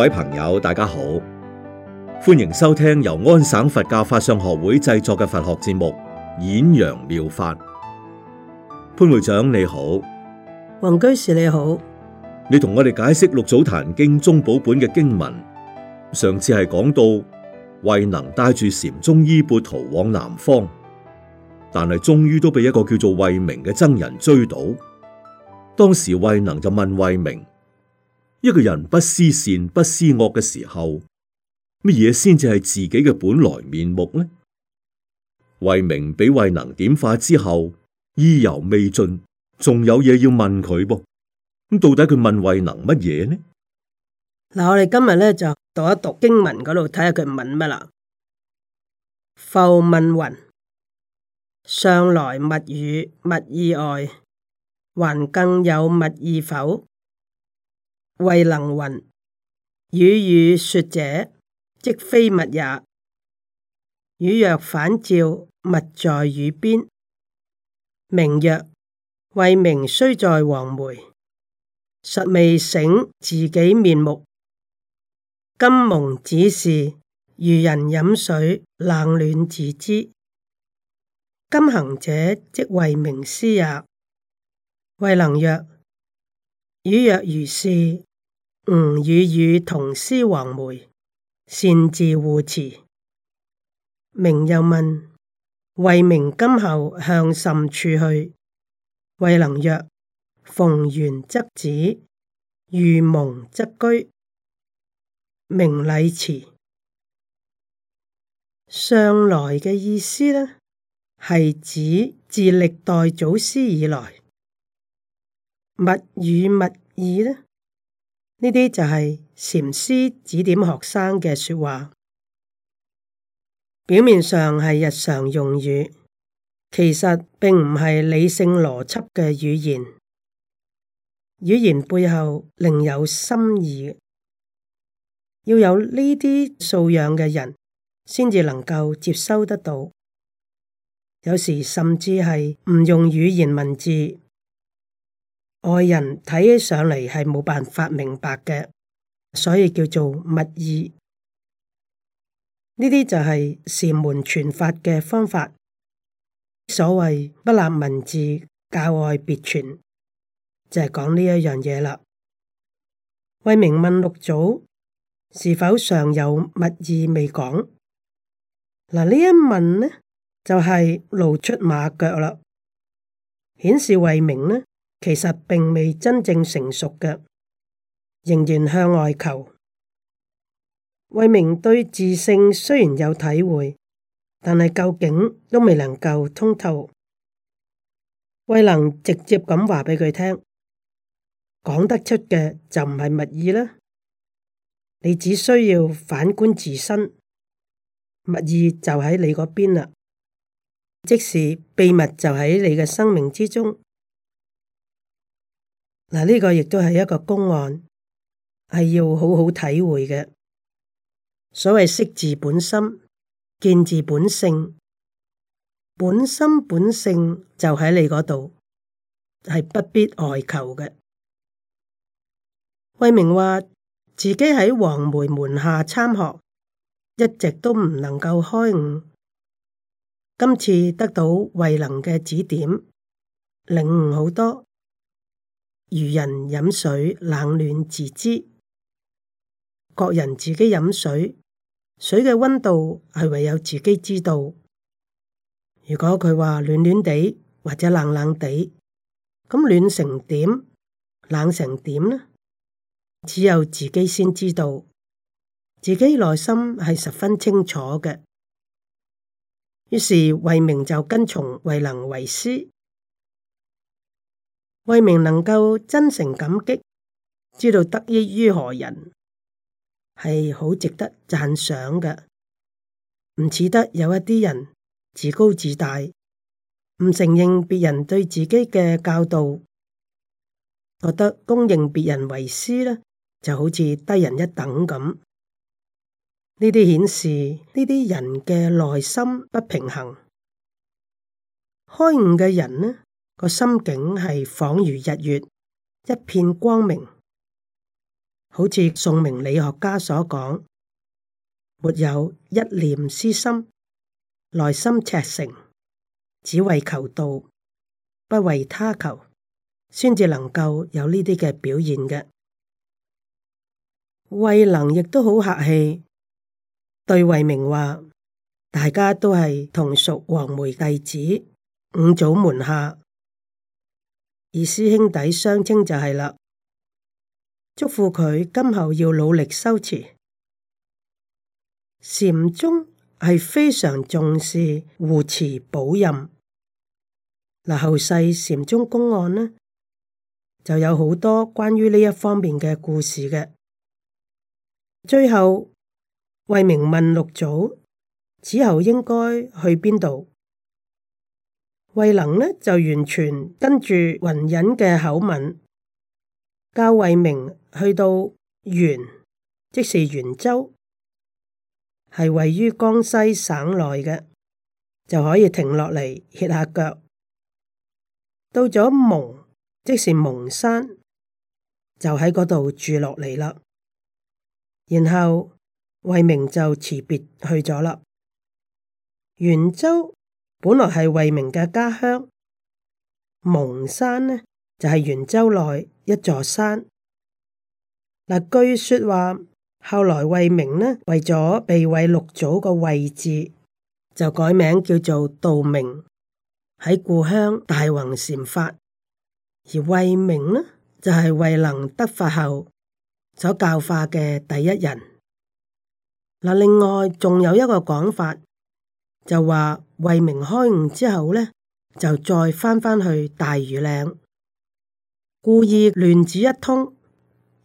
各位朋友，大家好，歡迎收聽由安省佛教法相學會製作嘅佛學節目《演揚妙法》。潘會長你好，王居士你好，你同我哋解釋《六祖壇經》中寶本嘅經文。上次係講到慧能帶住禪宗衣鉢逃往南方，但係終於都被一個叫做慧明嘅僧人追到。當時慧能就問慧明。一個人不思善不思惡嘅時候，乜嘢先至係自己嘅本來面目呢？慧明俾慧能點化之後，意猶未盡，仲有嘢要問佢噃。咁到底佢問慧能乜嘢呢？嗱，我哋今日咧就讀一讀經文嗰度睇下佢問乜啦。浮問云：上來密語密意外，還更有密意否？惠能云與汝說者，即非物也。汝若反照，物在汝邊。明曰：惠明雖在黃梅，實未醒自己面目。今蒙指示，如人飲水，冷暖自知。今行者即惠明師也。惠能曰：汝若如是。吾與汝同師黃梅，善自護持。明又問：慧明今後向甚處去？慧能曰：逢元則止，遇蒙則居。明禮辭。上來嘅意思呢，係指自歷代祖師以來，物與物異呢。呢啲就係禪師指點學生嘅說話，表面上係日常用語，其實並唔係理性邏輯嘅語言，語言背後另有深意。要有呢啲素養嘅人，先至能夠接收得到。有時甚至係唔用語言文字。外人睇起上嚟係冇辦法明白嘅，所以叫做密意。呢啲就係禪門傳法嘅方法。所謂不立文字，教外別傳，就係、是、講呢一樣嘢啦。慧明問六祖是否尚有密意未講？嗱，呢一問呢，就係、是、露出馬腳啦，顯示慧明呢。其實並未真正成熟嘅，仍然向外求。慧明對自性雖然有體會，但係究竟都未能夠通透。未能直接咁話畀佢聽，講得出嘅就唔係密意啦。你只需要反觀自身，密意就喺你嗰邊啦。即使秘密就喺你嘅生命之中。嗱，呢個亦都係一個公案，係要好好體會嘅。所謂識自本心，見自本性，本心本性就喺你嗰度，係不必外求嘅。惠明話自己喺黃梅門下參學，一直都唔能夠開悟，今次得到慧能嘅指點，領悟好多。如人飲水，冷暖自知。各人自己飲水，水嘅温度係唯有自己知道。如果佢話暖暖地或者冷冷地，咁暖成點，冷成點呢？只有自己先知道。自己內心係十分清楚嘅。於是慧明就跟從慧能為師。慧明能夠真誠感激，知道得益於何人，係好值得讚賞嘅。唔似得有一啲人自高自大，唔承認別人對自己嘅教導，覺得公認別人為師咧，就好似低人一等咁。呢啲顯示呢啲人嘅內心不平衡。開悟嘅人呢？個心境係仿如日月，一片光明，好似宋明理學家所講，沒有一念私心，內心赤誠，只為求道，不為他求，先至能夠有呢啲嘅表現嘅。慧能亦都好客氣，對慧明話：大家都係同屬黃梅弟子，五祖門下。以師兄弟相稱就係啦，祝福佢今後要努力修持。禪宗係非常重視護持保任，嗱後世禪宗公案呢就有好多關於呢一方面嘅故事嘅。最後慧明問六祖：此後應該去邊度？惠能呢，就完全跟住雲隱嘅口吻，教惠明去到袁，即是袁州，係位於江西省內嘅，就可以停落嚟，歇下腳。到咗蒙，即是蒙山，就喺嗰度住落嚟啦。然後惠明就辭別去咗啦，袁州。本來係慧明嘅家鄉蒙山呢，就係、是、袁州內一座山。嗱，據說話後來慧明呢為咗避諱六祖個慧字，就改名叫做道明，喺故鄉大弘禪法。而慧明呢就係、是、慧能得法後所教化嘅第一人。嗱，另外仲有一個講法。就話慧明開悟之後呢，就再翻返去大庾嶺，故意亂指一通，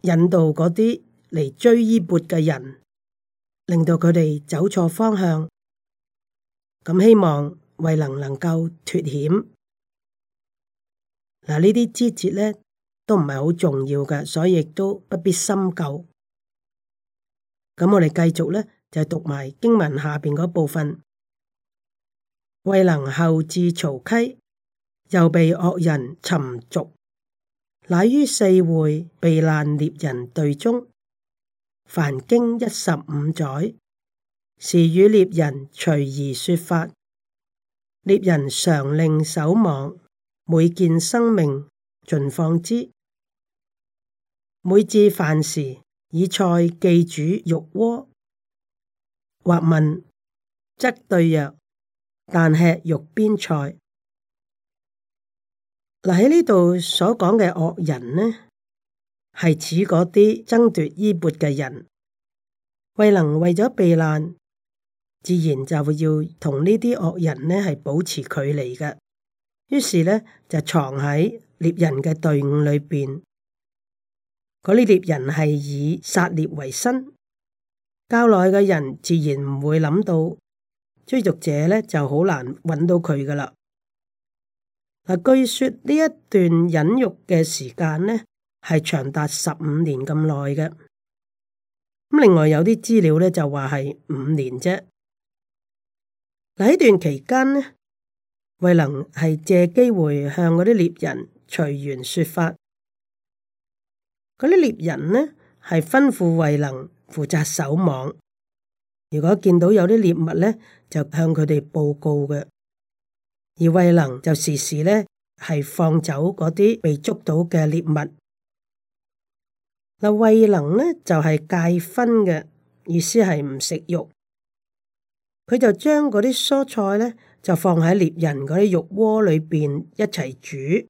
引導嗰啲嚟追衣缽嘅人，令到佢哋走錯方向，咁希望慧能能夠脫險。嗱，呢啲支節呢都唔係好重要㗎，所以亦都不必深究。咁我哋繼續呢，就讀埋經文下邊嗰部分。未能後至曹溪，又被惡人尋逐，乃於四會避難獵人隊中，凡經一十五載，時與獵人隨而說法。獵人常令守網，每見生命盡放之，每至飯時，以菜寄煮肉鍋，或問，則對曰。但吃肉邊菜。嗱，喺呢度所講嘅惡人呢，係指嗰啲爭奪衣缽嘅人，惠能為咗避難，自然就要同呢啲惡人呢係保持距離嘅。於是呢就藏喺獵人嘅隊伍裏邊。嗰啲獵人係以殺獵為生，教內嘅人自然唔會諗到。追逐者咧就好難揾到佢噶啦。嗱，據說呢一段隱匿嘅時間咧，係長達十五年咁耐嘅。咁另外有啲資料咧就話係五年啫。嗱，喺段期間咧，慧能係借機會向嗰啲獵人隨緣說法。嗰啲獵人呢，係吩咐慧能負責守網。如果見到有啲獵物咧，就向佢哋報告嘅。而慧能就時時咧係放走嗰啲被捉到嘅獵物。嗱，慧能咧就係、是、戒葷嘅，意思係唔食肉。佢就將嗰啲蔬菜咧就放喺獵人嗰啲肉鍋裏邊一齊煮，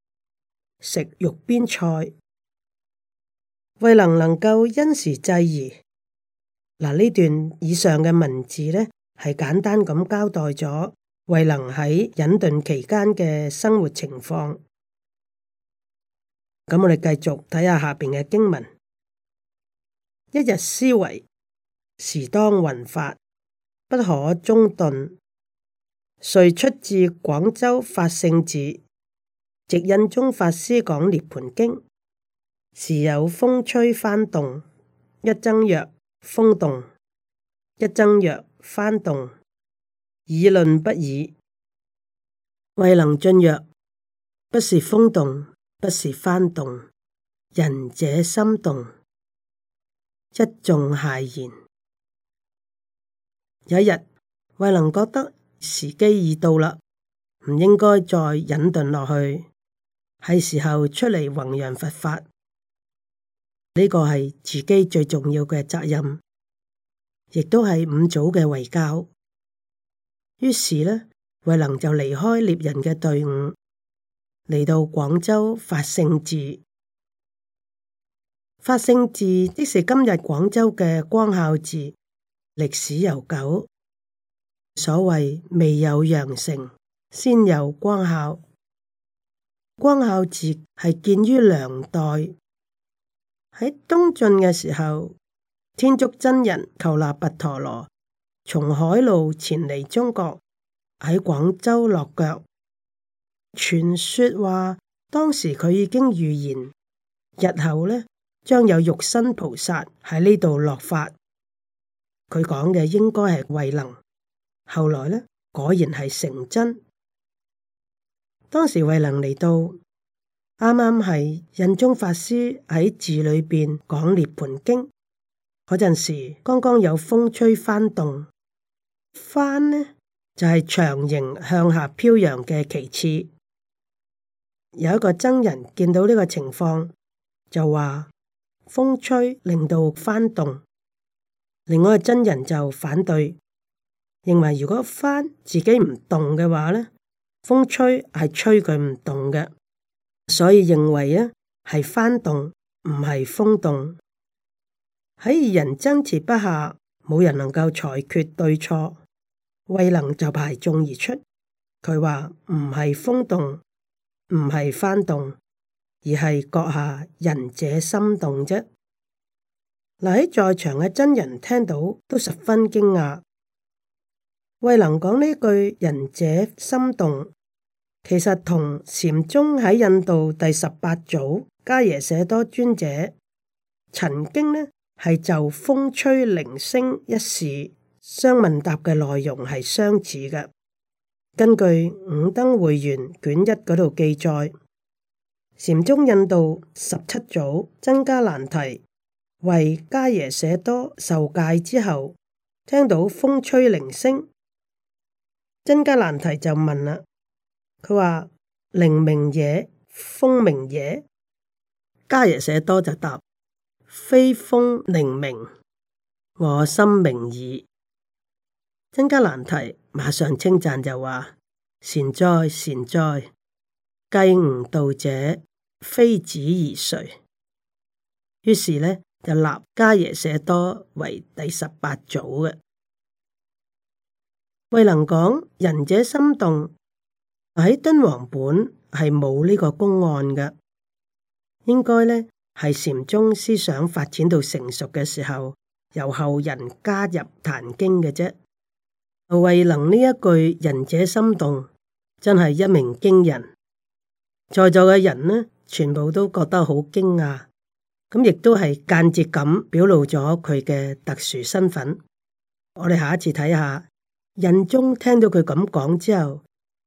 食肉邊菜。慧能能夠因時制宜。嗱，呢段以上嘅文字咧，係簡單咁交代咗慧能喺隱遁期間嘅生活情況。咁我哋繼續睇下下邊嘅經文。一日思維時當弘法，不可終遁。遂出至廣州法性寺，值印宗法師講《涅槃經》，時有風吹幡動，一僧曰：風動，一僧曰翻動，議論不已。慧能進曰：不是風動，不是翻動，仁者心動。一眾駭然。有一日，慧能覺得時機已到啦，唔應該再隱遁落去，係時候出嚟弘揚佛法。呢個係自己最重要嘅責任，亦都係五祖嘅遺教。於是呢，惠能就離開獵人嘅隊伍，嚟到廣州法性寺。法性寺即是今日廣州嘅光孝寺，歷史悠久。所謂未有羊城，先有光孝。光孝寺係建於梁代。喺東晉嘅時候，天竺僧人求那跋陀羅從海路前嚟中國，喺廣州落腳。傳說話當時佢已經預言，日後咧將有肉身菩薩喺呢度落髮。佢講嘅應該係慧能，後來咧果然係成真。當時慧能嚟到。啱啱係印宗法師喺寺裏邊講涅槃經嗰陣時，剛剛有風吹幡動幡呢，就係、是、長形向下飄揚嘅旗幟，有一個僧人見到呢個情況就話風吹令到幡動，另外一個僧人就反對，認為如果幡自己唔動嘅話呢，風吹係吹佢唔動嘅。所以認為啊，係幡動，唔係風動。喺二人爭持不下，冇人能夠裁決對錯。慧能就排眾而出，佢話唔係風動，唔係幡動，而係閣下仁者心動啫。嗱喺在場嘅真人聽到都十分驚訝。慧能講呢句仁者心動。其實同禪宗喺印度第十八祖伽耶舍多尊者曾經呢係就風吹鈴聲一事相問答嘅內容係相似嘅。根據《五燈會元》卷一嗰度記載，禪宗印度十七祖僧伽難提為伽耶舍多受戒之後，聽到風吹鈴聲，僧伽難提就問啦。佢話：鈴鳴也，風鳴也。伽耶舍多就答：非風鈴鳴，我心鳴耳」。僧伽難提馬上稱讚就話：善哉善哉！繼吾道者，非子而誰？於是呢，就立伽耶舍多為第十八祖嘅。慧能講仁者心動。喺敦煌本係冇呢個公案嘅，應該呢係禪宗思想發展到成熟嘅時候，由後人加入壇經嘅啫。慧能呢一句仁者心動，真係一鳴驚人，在座嘅人呢，全部都覺得好驚訝，咁亦都係間接咁表露咗佢嘅特殊身份。我哋下一次睇下，印宗聽到佢咁講之後。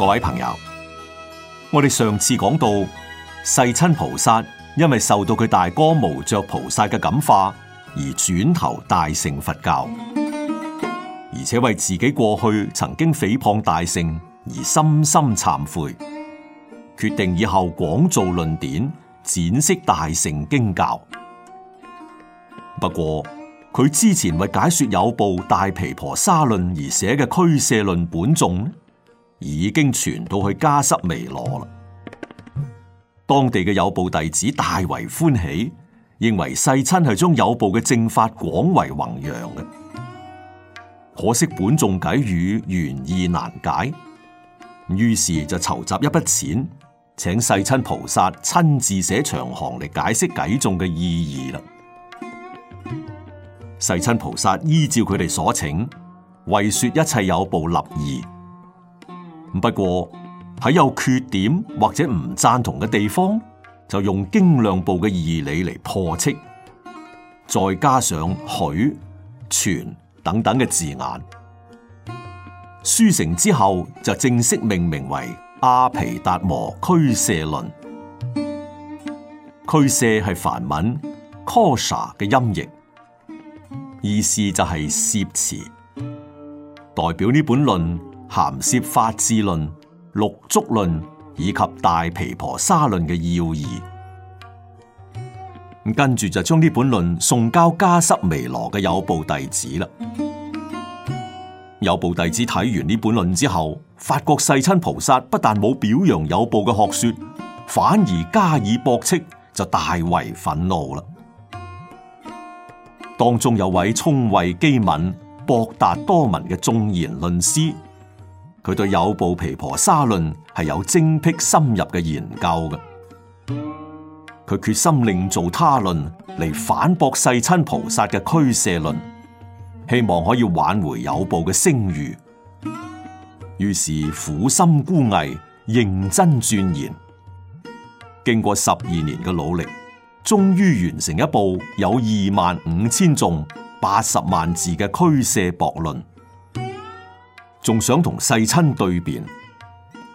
各位朋友，我哋上次講到，世親菩薩因為受到佢大哥無着菩薩嘅感化，而轉投大乘佛教，而且為自己過去曾經誹謗大乘而深深懺悔，決定以後廣造論典，闡釋大乘經教。不過佢之前為解說有部大毗婆沙論而寫嘅《俱舍論本頌》已經傳到去迦濕彌羅啦，當地嘅有部弟子大為歡喜，認為世親係將有部嘅正法廣為弘揚嘅。可惜本頌偈語原意難解，於是就籌集一筆錢，請世親菩薩親自寫長行嚟解釋偈頌嘅意義啦。世親菩薩依照佢哋所請，為說一切有部立義。不過喺有缺點或者唔贊同嘅地方，就用經量部嘅義理嚟破斥，再加上許、傳等等嘅字眼，書成之後就正式命名為《阿毗達磨俱舍論》。俱舍係梵文 cosa 嘅音譯，意思就係涉詞，代表呢本論。含攝發智論、六足論以及大毗婆沙論嘅要義，咁跟住就將呢本論送交迦濕彌羅嘅有部弟子啦。有部弟子睇完呢本論之後，發覺世親菩薩不但冇表揚有部嘅學說，反而加以駁斥，就大為憤怒啦。當中有位聰慧機敏、博達多聞嘅眾賢論師。佢對有部毘婆沙論係有精辟深入嘅研究嘅，佢決心另做他論嚟反駁世親菩薩嘅俱舍論，希望可以挽回有部嘅聲譽。於是苦心孤詣，認真鑽研，經過十二年嘅努力，終於完成一部有二萬五千頌、八十萬字嘅俱舍雹論。仲想同世親對辯，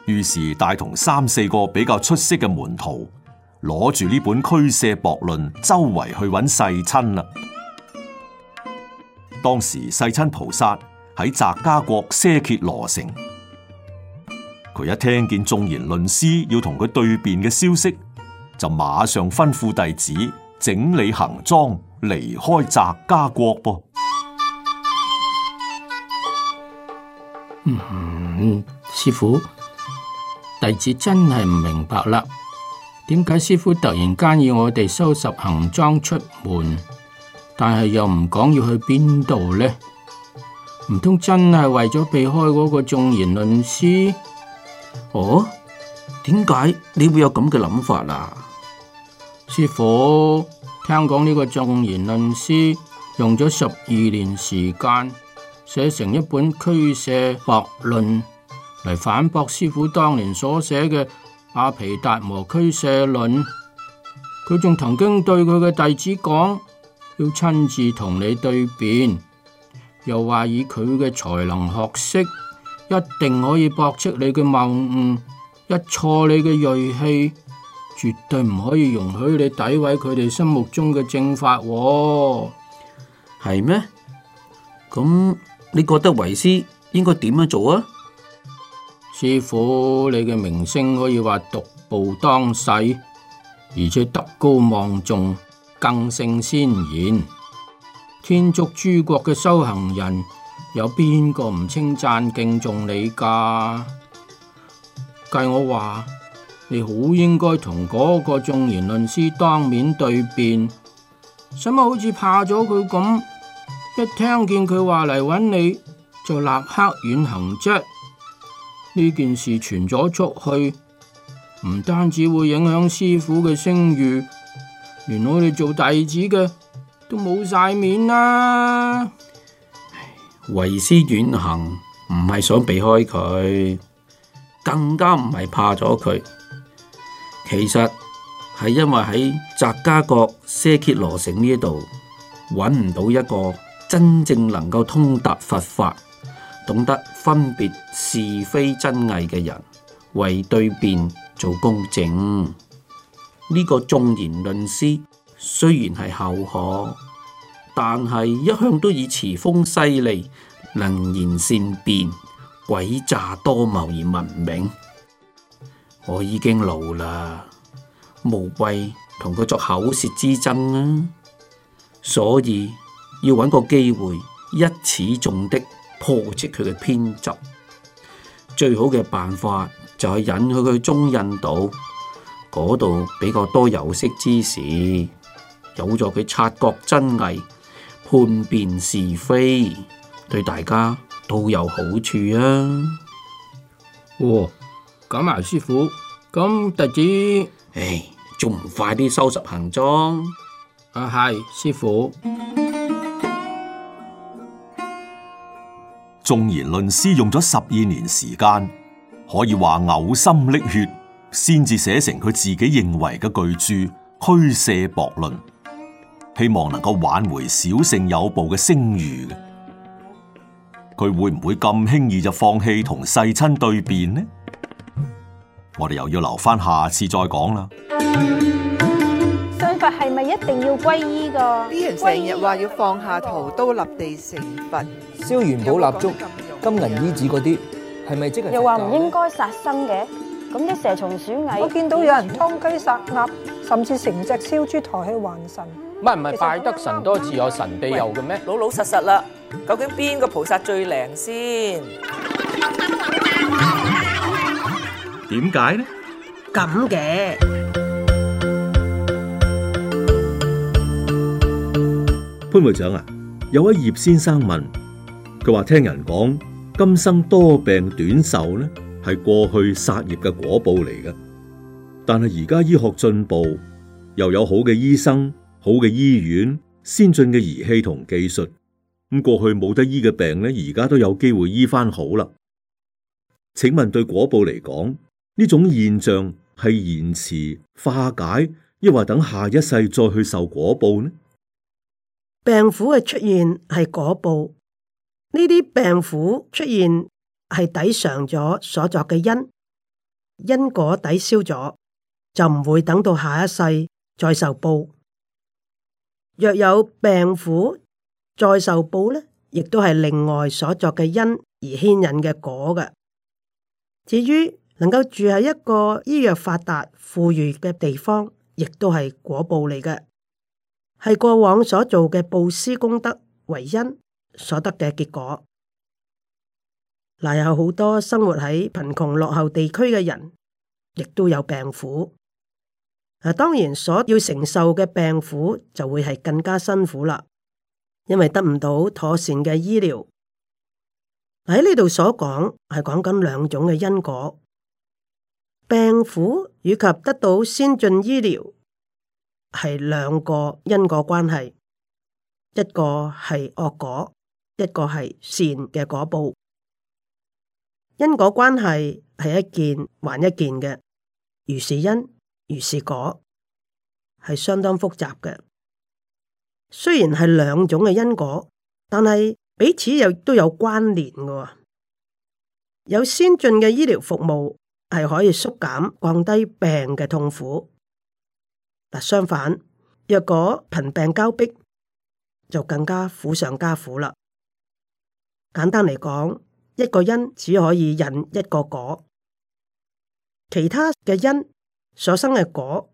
於是帶同三四個比較出色嘅門徒，攞住呢本《俱舍博論》，周圍去揾世親啦。當時世親菩薩喺澤家國舍怯羅城，佢一聽見眾賢論師要同佢對辯嘅消息，就馬上吩咐弟子整理行裝，離開澤家國噃。嗯，師父，弟子真係唔明白啦，點解師父突然間要我哋收拾行裝出門，但係又唔講要去邊度呢？唔通真係為咗避開嗰個眾賢論師？哦，點解你會有咁嘅諗法啊？師父，聽講呢個眾賢論師用咗十二年時間。寫成一本驅博論《俱舍雹論》嚟，反駁師父當年所寫嘅《阿毘達磨俱舍論》，佢仲曾經對佢嘅弟子講，要親自同你對辯，又話以佢嘅才能學識，一定可以駁斥你嘅謬誤，一挫你嘅銳氣，絕對唔可以容許你詆毀佢哋心目中嘅正法，係咩？咁。你覺得為師應該點樣做啊？師傅，你嘅名聲可以話獨步當世，而且德高望重，更勝先賢。天竺諸國嘅修行人有邊個唔稱讚敬重你噶？計我話，你好應該同嗰個眾賢論師當面對辯，使乜好似怕咗佢咁？一聽見佢話嚟搵你，就立刻遠行啫。呢件事傳咗出去，唔單止會影響師父嘅聲譽，連我哋做弟子嘅都冇晒面啦。為師、哎、遠行唔係想避開佢，更加唔係怕咗佢，其實係因為喺磔迦國奢羯羅城呢度搵唔到一個。真正能夠通達佛法、懂得分別是非真偽嘅人，為對辯做公正。呢、這個眾賢論師雖然係後學，但係一向都以詞鋒犀利、能言善辯、詭詐多謀而聞名。我已經老啦，無謂同佢作口舌之爭啦、啊，所以。要搵個機會一此中的破斥佢嘅偏執，最好嘅辦法就係引佢去中印度嗰度比較多有識之士，有助佢察覺真偽、判辨是非，對大家都有好處啊！哦，咁啊，師傅，咁弟子，唉，仲唔快啲收拾行裝？啊，係，師傅。縱言論詩用咗十二年時間，可以話嘔心瀝血，先至寫成佢自己認為嘅巨著《虛涉薄論》，希望能夠挽回小勝有步嘅聲譽。佢會唔會咁輕易就放棄同世親對辯呢？我哋又要留翻下,下次再講啦。係咪一定要皈依㗎？啲人成日話要放下屠刀立地成佛，燒元寶蠟燭、金銀衣紙嗰啲，係咪即係？又話唔應該殺生嘅，咁啲蛇蟲鼠蟻，我見到有人劏雞殺鴨，甚至成隻燒豬抬去還神。唔係唔係，拜得神多自有神庇佑嘅咩？老老實實啦，究竟邊個菩薩最靈先？點解呢？咁嘅。潘會長啊，有位葉先生問，佢話聽人講，今生多病短壽咧，係過去殺業嘅果報嚟嘅。但係而家醫學進步，又有好嘅醫生、好嘅醫院、先進嘅儀器同技術，咁過去冇得醫嘅病咧，而家都有機會醫翻好啦。請問對果報嚟講，呢種現象係延遲化解，抑或等下一世再去受果報呢？病苦嘅出現係果報，呢啲病苦出現係抵償咗所作嘅因，因果抵消咗就唔會等到下一世再受報。若有病苦再受報咧，亦都係另外所作嘅因而牽引嘅果嘅。至於能夠住喺一個醫藥發達富裕嘅地方，亦都係果報嚟嘅。係過往所做嘅布施功德為因所得嘅結果。嗱，有好多生活喺貧窮落後地區嘅人，亦都有病苦。啊，當然所要承受嘅病苦就會係更加辛苦啦，因為得唔到妥善嘅醫療。喺呢度所講係講緊兩種嘅因果：病苦以及得到先進醫療。係兩個因果關係，一個係惡果，一個係善嘅果報。因果關係係一件還一件嘅，如是因、如是果，係相當複雜嘅。雖然係兩種嘅因果，但係彼此又都有關聯嘅。有先進嘅醫療服務係可以縮減、降低病嘅痛苦。相反，若果貧病交迫，就更加苦上加苦啦。簡單嚟講，一個因只可以引一個果，其他嘅因所生嘅果，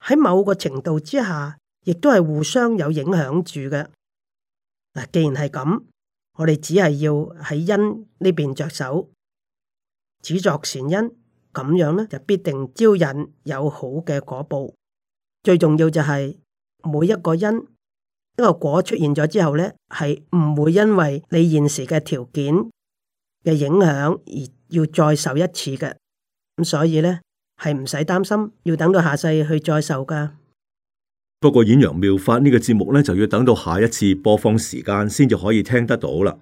喺某個程度之下，亦都係互相有影響住嘅。嗱，既然係咁，我哋只係要喺因呢邊着手，只作善因，咁樣呢，就必定招引有好嘅果報。最重要就係、是、每一個因一個果出現咗之後呢，係唔會因為你現時嘅條件嘅影響而要再受一次嘅。咁所以呢，係唔使擔心，要等到下世去再受噶。不過演揚妙法呢、這個節目呢，就要等到下一次播放時間先至可以聽得到啦。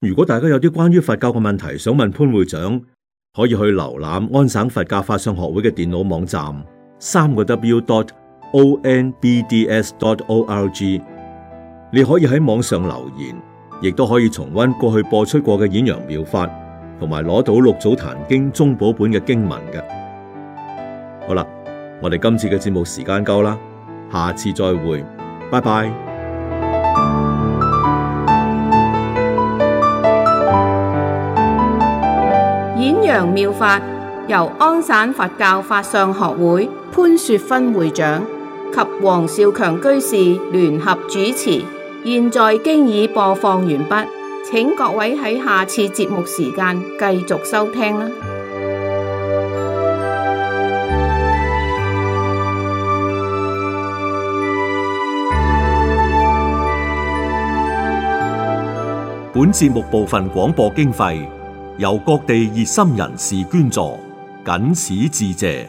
如果大家有啲關於佛教嘅問題想問潘會長，可以去瀏覽安省佛教法相學會嘅電腦網站。三個 w.dot.o.n.b.d.s.dot.o.r.g，你可以喺網上留言，亦都可以重温過去播出過嘅演揚妙法，同埋攞到六祖壇經宗寶本嘅經文嘅。好啦，我哋今次嘅節目時間夠啦，下次再會，拜拜。演揚妙法由安省佛教法相學會。潘雪芬會長及黃少強居士聯合主持，現在經已播放完畢，請各位喺下次節目時間繼續收聽啦。本節目部分廣播經費由各地熱心人士捐助，謹此致謝。